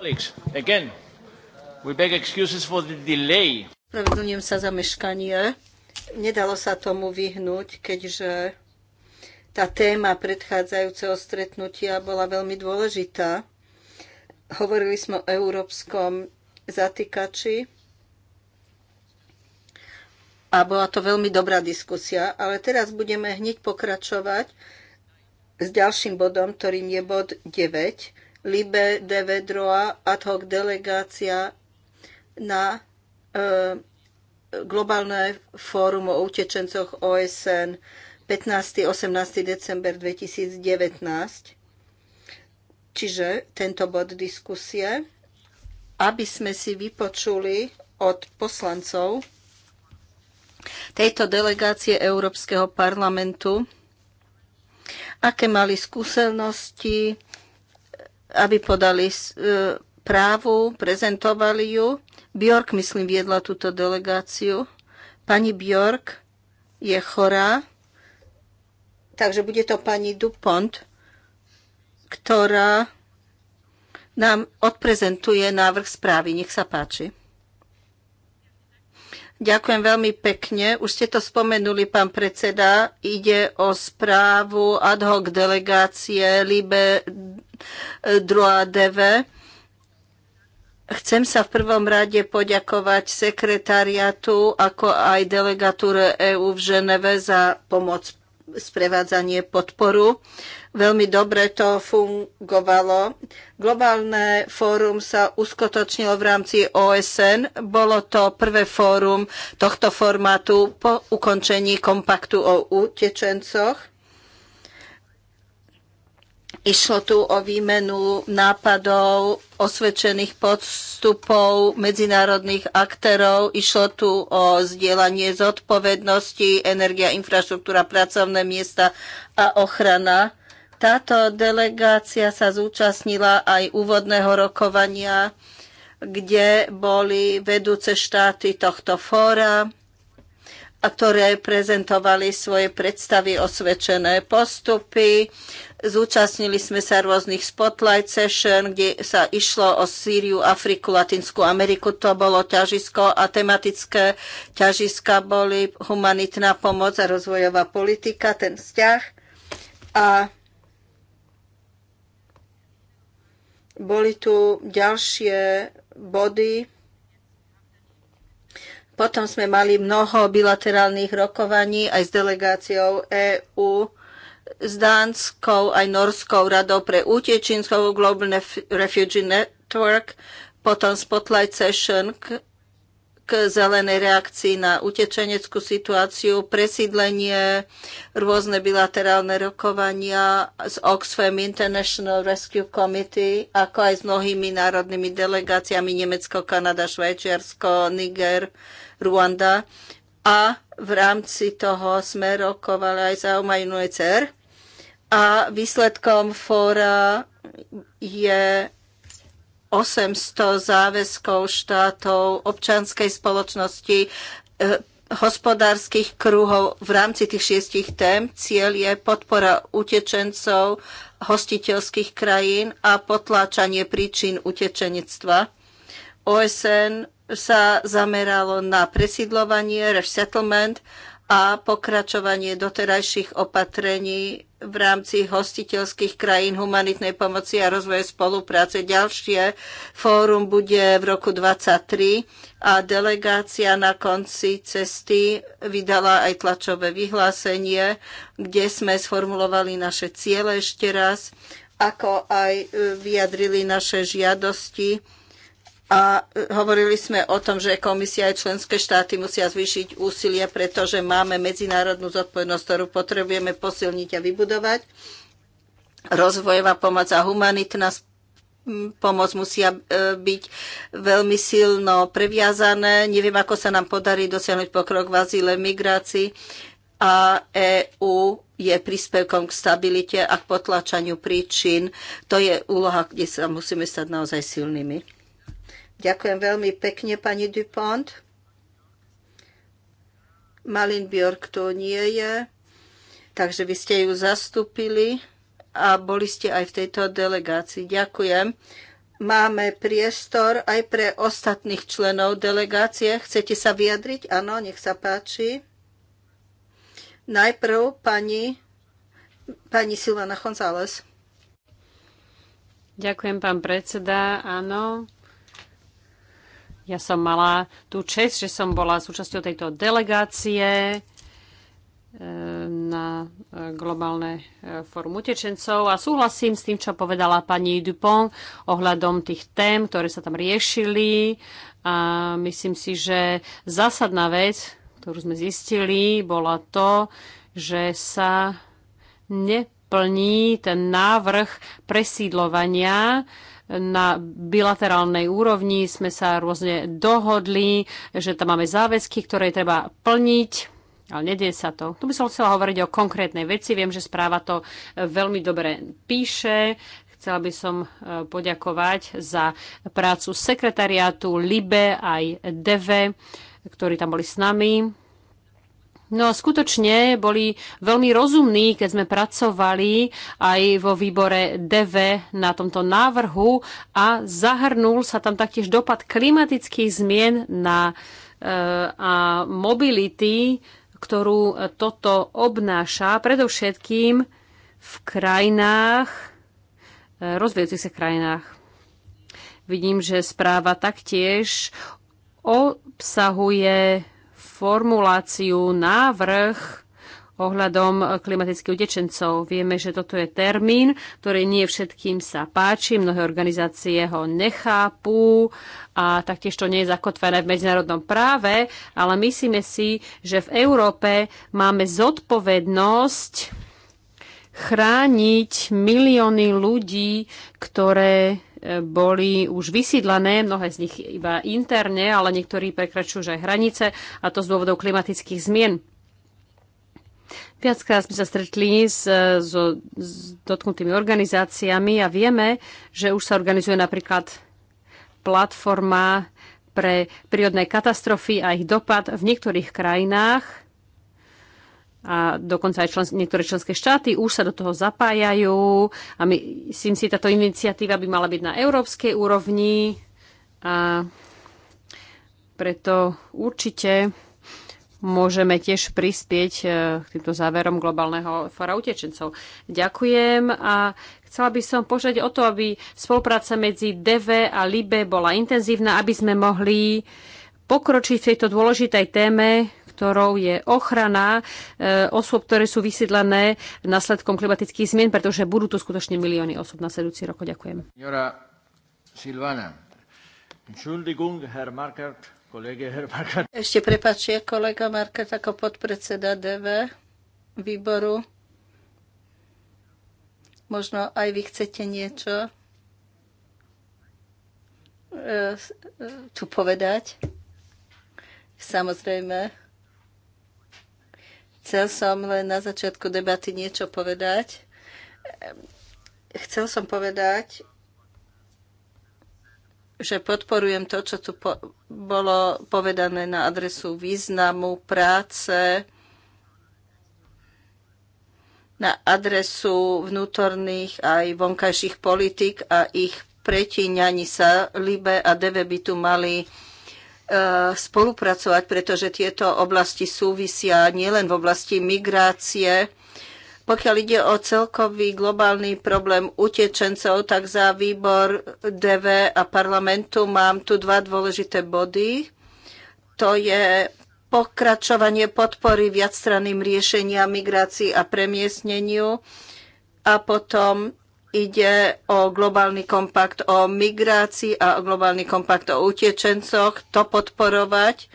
Ospravedlňujem sa za meškanie. Nedalo sa tomu vyhnúť, keďže tá téma predchádzajúceho stretnutia bola veľmi dôležitá. Hovorili sme o európskom zatýkači a bola to veľmi dobrá diskusia, ale teraz budeme hneď pokračovať s ďalším bodom, ktorým je bod 9 Libe de Vedroa, ad hoc delegácia na e, globálne fórum o utečencoch OSN 15. 18. december 2019. Čiže tento bod diskusie, aby sme si vypočuli od poslancov tejto delegácie Európskeho parlamentu, aké mali skúsenosti, aby podali e, právu, prezentovali ju. Bjork, myslím, viedla túto delegáciu. Pani Bjork je chorá, takže bude to pani Dupont, ktorá nám odprezentuje návrh správy. Nech sa páči. Ďakujem veľmi pekne. Už ste to spomenuli, pán predseda. Ide o správu ad hoc delegácie Libe DV. Chcem sa v prvom rade poďakovať sekretariatu, ako aj delegatúre EÚ v Ženeve za pomoc, sprevádzanie, podporu. Veľmi dobre to fungovalo. Globálne fórum sa uskutočnilo v rámci OSN. Bolo to prvé fórum tohto formátu po ukončení kompaktu o utečencoch Išlo tu o výmenu nápadov, osvedčených podstupov medzinárodných aktérov, išlo tu o zdieľanie zodpovednosti, energia, infraštruktúra, pracovné miesta a ochrana. Táto delegácia sa zúčastnila aj úvodného rokovania, kde boli vedúce štáty tohto fóra a ktoré prezentovali svoje predstavy, osvedčené postupy. Zúčastnili sme sa rôznych spotlight session, kde sa išlo o Sýriu, Afriku, Latinskú Ameriku. To bolo ťažisko a tematické ťažiska boli humanitná pomoc a rozvojová politika, ten vzťah. A boli tu ďalšie body, potom sme mali mnoho bilaterálnych rokovaní aj s delegáciou EÚ, s Dánskou aj Norskou radou pre útečinskou Global Refugee Network, potom Spotlight Session, k zelenej reakcii na utečeneckú situáciu, presídlenie, rôzne bilaterálne rokovania s Oxfam International Rescue Committee, ako aj s mnohými národnými delegáciami Nemecko, Kanada, Švajčiarsko, Niger, Ruanda. A v rámci toho sme rokovali aj za UNHCR. E A výsledkom fóra je 800 záväzkov štátov, občanskej spoločnosti, eh, hospodárskych kruhov v rámci tých šiestich tém. Cieľ je podpora utečencov hostiteľských krajín a potláčanie príčin utečenectva. OSN sa zameralo na presídlovanie, resettlement a pokračovanie doterajších opatrení v rámci hostiteľských krajín humanitnej pomoci a rozvoje spolupráce. Ďalšie fórum bude v roku 2023 a delegácia na konci cesty vydala aj tlačové vyhlásenie, kde sme sformulovali naše ciele ešte raz, ako aj e, vyjadrili naše žiadosti a e, hovorili sme o tom, že komisia aj členské štáty musia zvýšiť úsilie, pretože máme medzinárodnú zodpovednosť, ktorú potrebujeme posilniť a vybudovať. Rozvojová pomoc a humanitná pomoc musia e, byť veľmi silno previazané. Neviem, ako sa nám podarí dosiahnuť pokrok v azile, migrácii a EÚ je príspevkom k stabilite a k potlačaniu príčin. To je úloha, kde sa musíme stať naozaj silnými. Ďakujem veľmi pekne, pani Dupont. Malin Bjork tu nie je, takže vy ste ju zastúpili a boli ste aj v tejto delegácii. Ďakujem. Máme priestor aj pre ostatných členov delegácie. Chcete sa vyjadriť? Áno, nech sa páči. Najprv pani, pani Silvana González. Ďakujem, pán predseda. Áno, ja som mala tú čest, že som bola súčasťou tejto delegácie eh, na eh, globálne eh, fórum utečencov a súhlasím s tým, čo povedala pani Dupont ohľadom tých tém, ktoré sa tam riešili a myslím si, že zásadná vec, ktorú sme zistili, bola to, že sa neplní ten návrh presídlovania, na bilaterálnej úrovni sme sa rôzne dohodli, že tam máme záväzky, ktoré treba plniť, ale nedie sa to. Tu by som chcela hovoriť o konkrétnej veci. Viem, že správa to e, veľmi dobre píše. Chcela by som e, poďakovať za prácu sekretariátu LIBE aj DEVE, ktorí tam boli s nami No skutočne boli veľmi rozumní, keď sme pracovali aj vo výbore DV na tomto návrhu a zahrnul sa tam taktiež dopad klimatických zmien na e, a mobility, ktorú toto obnáša predovšetkým v krajinách, e, rozvíjajúcich sa krajinách. Vidím, že správa taktiež obsahuje formuláciu, návrh ohľadom klimatických utečencov. Vieme, že toto je termín, ktorý nie všetkým sa páči, mnohé organizácie ho nechápu a taktiež to nie je zakotvené v medzinárodnom práve, ale myslíme si, že v Európe máme zodpovednosť chrániť milióny ľudí, ktoré boli už vysídlené, mnohé z nich iba interne, ale niektorí prekračujú už aj hranice, a to z dôvodov klimatických zmien. Viackrát sme sa stretli s, s, s dotknutými organizáciami a vieme, že už sa organizuje napríklad platforma pre prírodné katastrofy a ich dopad v niektorých krajinách a dokonca aj člen, niektoré členské štáty už sa do toho zapájajú a my, myslím si, táto iniciatíva by mala byť na európskej úrovni a preto určite môžeme tiež prispieť e, k týmto záverom globálneho fora utečencov. Ďakujem a chcela by som požiadať o to, aby spolupráca medzi DV a LIBE bola intenzívna, aby sme mohli pokročiť v tejto dôležitej téme, ktorou je ochrana e, osôb, ktoré sú vysídlené následkom klimatických zmien, pretože budú tu skutočne milióny osôb na nasledujúci rok. Ďakujem. Ešte prepáčte, kolega Markert ako podpredseda DV výboru. Možno aj vy chcete niečo e, e, tu povedať. Samozrejme, Chcel som len na začiatku debaty niečo povedať. Chcel som povedať, že podporujem to, čo tu po- bolo povedané na adresu významu práce, na adresu vnútorných aj vonkajších politik a ich pretíňaní sa Libe a Deve by tu mali Eh, spolupracovať, pretože tieto oblasti súvisia nielen v oblasti migrácie. Pokiaľ ide o celkový globálny problém utečencov, tak za výbor DV a parlamentu mám tu dva dôležité body. To je pokračovanie podpory viacstranným riešeniam migrácií a premiesneniu a potom Ide o globálny kompakt o migrácii a o globálny kompakt o utečencoch, to podporovať.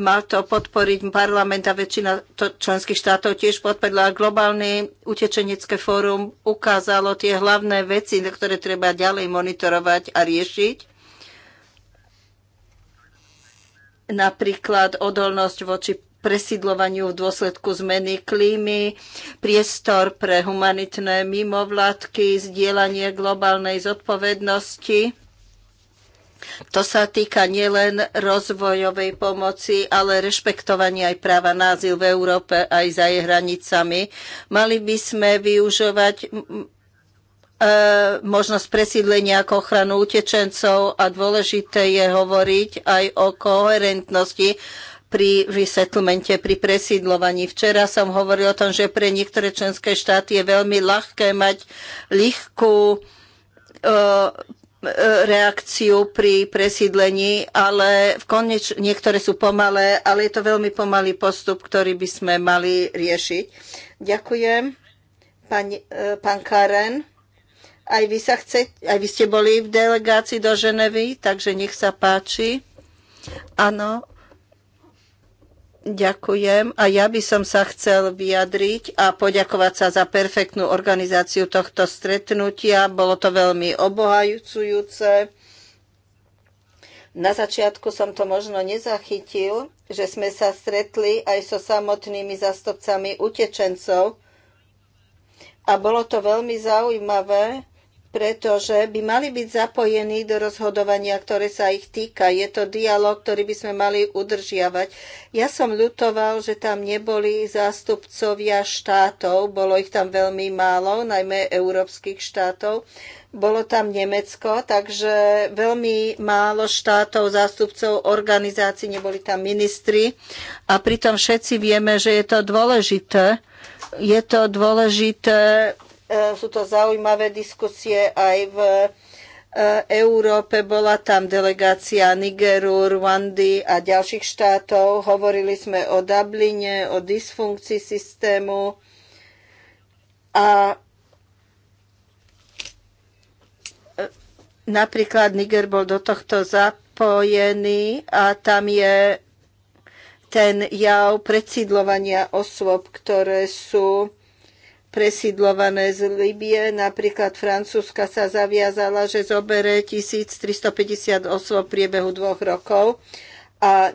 Má to podporiť parlament a väčšina členských štátov tiež podporila. Globálny utečenecké fórum ukázalo tie hlavné veci, ktoré treba ďalej monitorovať a riešiť. Napríklad odolnosť voči presídlovaniu v dôsledku zmeny klímy, priestor pre humanitné mimovládky, zdieľanie globálnej zodpovednosti. To sa týka nielen rozvojovej pomoci, ale rešpektovania aj práva na azyl v Európe aj za jej hranicami. Mali by sme využovať e, možnosť presídlenia ako ochranu utečencov a dôležité je hovoriť aj o koherentnosti pri resettlemente, pri presídlovaní. Včera som hovoril o tom, že pre niektoré členské štáty je veľmi ľahké mať ľahkú e, reakciu pri presídlení, ale v koneč... niektoré sú pomalé, ale je to veľmi pomalý postup, ktorý by sme mali riešiť. Ďakujem, pán, e, pán Karen. Aj vy, sa chce, aj vy ste boli v delegácii do Ženevy, takže nech sa páči. Áno, Ďakujem a ja by som sa chcel vyjadriť a poďakovať sa za perfektnú organizáciu tohto stretnutia. Bolo to veľmi obohajúcujúce. Na začiatku som to možno nezachytil, že sme sa stretli aj so samotnými zastupcami utečencov a bolo to veľmi zaujímavé, pretože by mali byť zapojení do rozhodovania, ktoré sa ich týka. Je to dialog, ktorý by sme mali udržiavať. Ja som ľutoval, že tam neboli zástupcovia štátov, bolo ich tam veľmi málo, najmä európskych štátov. Bolo tam Nemecko, takže veľmi málo štátov, zástupcov organizácií, neboli tam ministri. A pritom všetci vieme, že je to dôležité. Je to dôležité Eh, sú to zaujímavé diskusie aj v eh, Európe. Bola tam delegácia Nigeru, Rwandy a ďalších štátov. Hovorili sme o Dubline, o dysfunkcii systému a eh, napríklad Niger bol do tohto zapojený a tam je ten jav predsídlovania osôb, ktoré sú presídlované z Libie. Napríklad Francúzska sa zaviazala, že zobere 1350 osôb v priebehu dvoch rokov a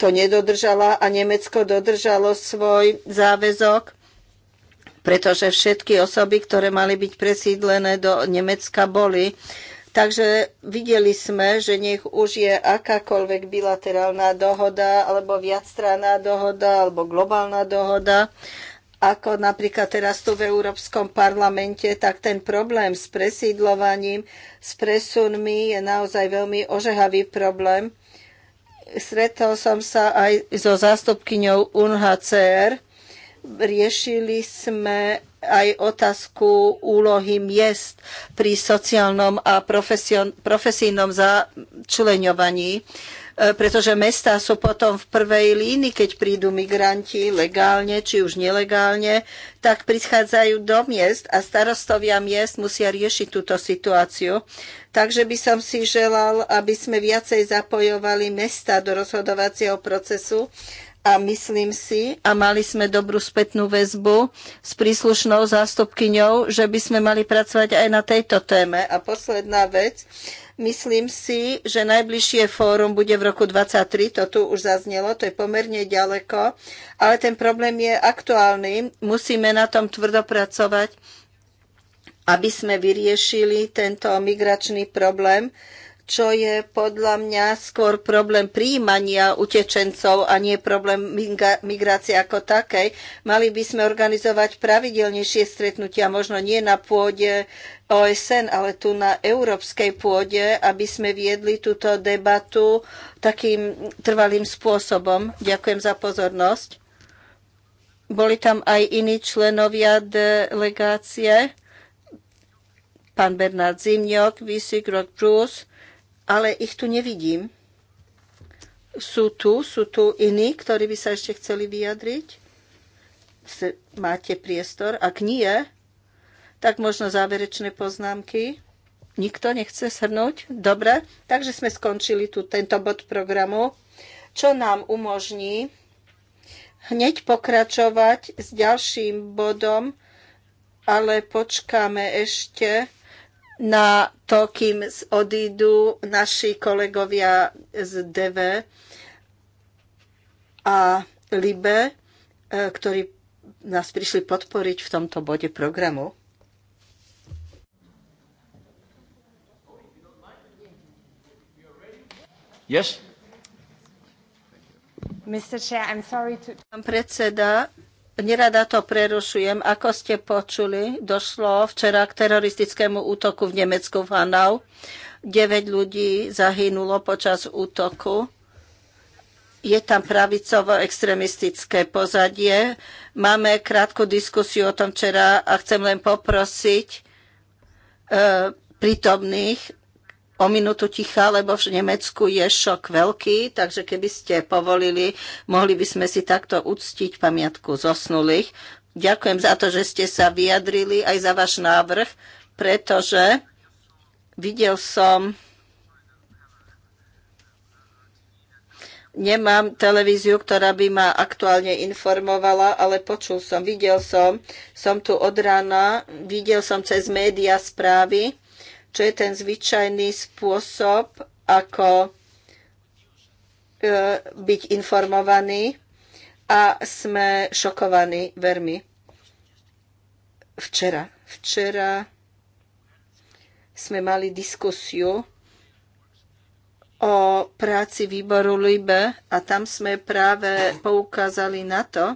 to nedodržala a Nemecko dodržalo svoj záväzok, pretože všetky osoby, ktoré mali byť presídlené do Nemecka, boli. Takže videli sme, že nech už je akákoľvek bilaterálna dohoda, alebo viacstranná dohoda, alebo globálna dohoda, ako napríklad teraz tu v Európskom parlamente, tak ten problém s presídlovaním, s presunmi je naozaj veľmi ožehavý problém. Stretol som sa aj so zástupkyňou UNHCR. Riešili sme aj otázku úlohy miest pri sociálnom a profesijnom začleňovaní. E, pretože mestá sú potom v prvej línii, keď prídu migranti legálne či už nelegálne, tak prichádzajú do miest a starostovia miest musia riešiť túto situáciu. Takže by som si želal, aby sme viacej zapojovali mesta do rozhodovacieho procesu a myslím si, a mali sme dobrú spätnú väzbu s príslušnou zástupkyňou, že by sme mali pracovať aj na tejto téme. A posledná vec, Myslím si, že najbližšie fórum bude v roku 2023, to tu už zaznelo, to je pomerne ďaleko, ale ten problém je aktuálny, musíme na tom tvrdo pracovať, aby sme vyriešili tento migračný problém, čo je podľa mňa skôr problém príjmania utečencov a nie problém migrácie ako takej. Mali by sme organizovať pravidelnejšie stretnutia, možno nie na pôde OSN, ale tu na európskej pôde, aby sme viedli túto debatu takým trvalým spôsobom. Ďakujem za pozornosť. Boli tam aj iní členovia delegácie. Pán Bernard Zimňok, Visik, Rod Bruce, ale ich tu nevidím. Sú tu, sú tu iní, ktorí by sa ešte chceli vyjadriť? Máte priestor? Ak nie, tak možno záverečné poznámky. Nikto nechce shrnúť? Dobre, takže sme skončili tu tento bod programu, čo nám umožní hneď pokračovať s ďalším bodom, ale počkáme ešte na to, kým odídu naši kolegovia z DV a LIBE, e, ktorí nás prišli podporiť v tomto bode programu. Yes? Mr. Chair, I'm sorry to... Pán predseda, Nerada to prerušujem. Ako ste počuli, došlo včera k teroristickému útoku v Nemecku v Hanau. 9 ľudí zahynulo počas útoku. Je tam pravicovo-extremistické pozadie. Máme krátku diskusiu o tom včera a chcem len poprosiť e, prítomných, o minútu ticha, lebo v Nemecku je šok veľký, takže keby ste povolili, mohli by sme si takto uctiť pamiatku zosnulých. Ďakujem za to, že ste sa vyjadrili aj za váš návrh, pretože videl som Nemám televíziu, ktorá by ma aktuálne informovala, ale počul som, videl som, som tu od rána, videl som cez médiá správy čo je ten zvyčajný spôsob, ako e, byť informovaní a sme šokovaní, vermi. Včera, včera sme mali diskusiu o práci výboru LIBE a tam sme práve poukázali na to,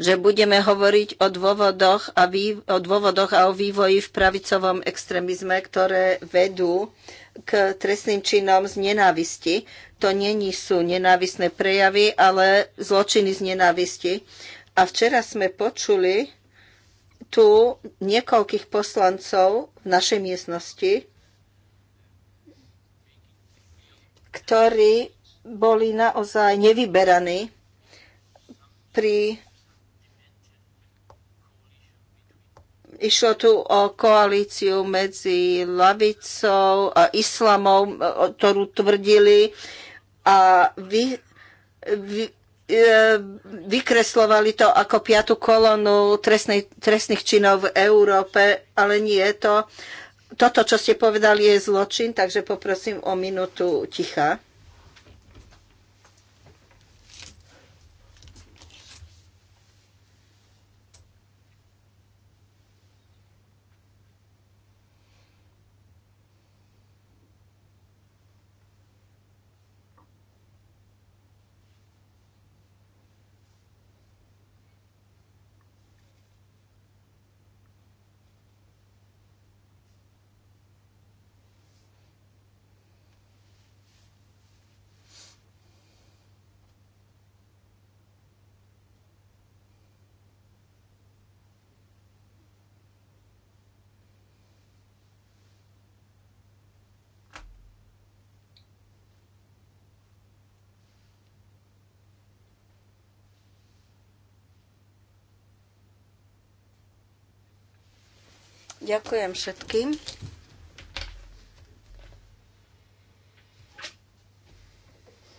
že budeme hovoriť o dôvodoch a, vý, o, dôvodoch a o vývoji v pravicovom extrémizme, ktoré vedú k trestným činom z nenávisti. To není sú nenávisné prejavy, ale zločiny z nenávisti. A včera sme počuli tu niekoľkých poslancov v našej miestnosti, ktorí boli naozaj nevyberaní pri Išlo tu o koalíciu medzi lavicou a islamom, ktorú tvrdili a vy, vy, e, vykreslovali to ako piatu kolonu trestnej, trestných činov v Európe, ale nie je to. Toto, čo ste povedali, je zločin, takže poprosím o minútu ticha. Ďakujem všetkým.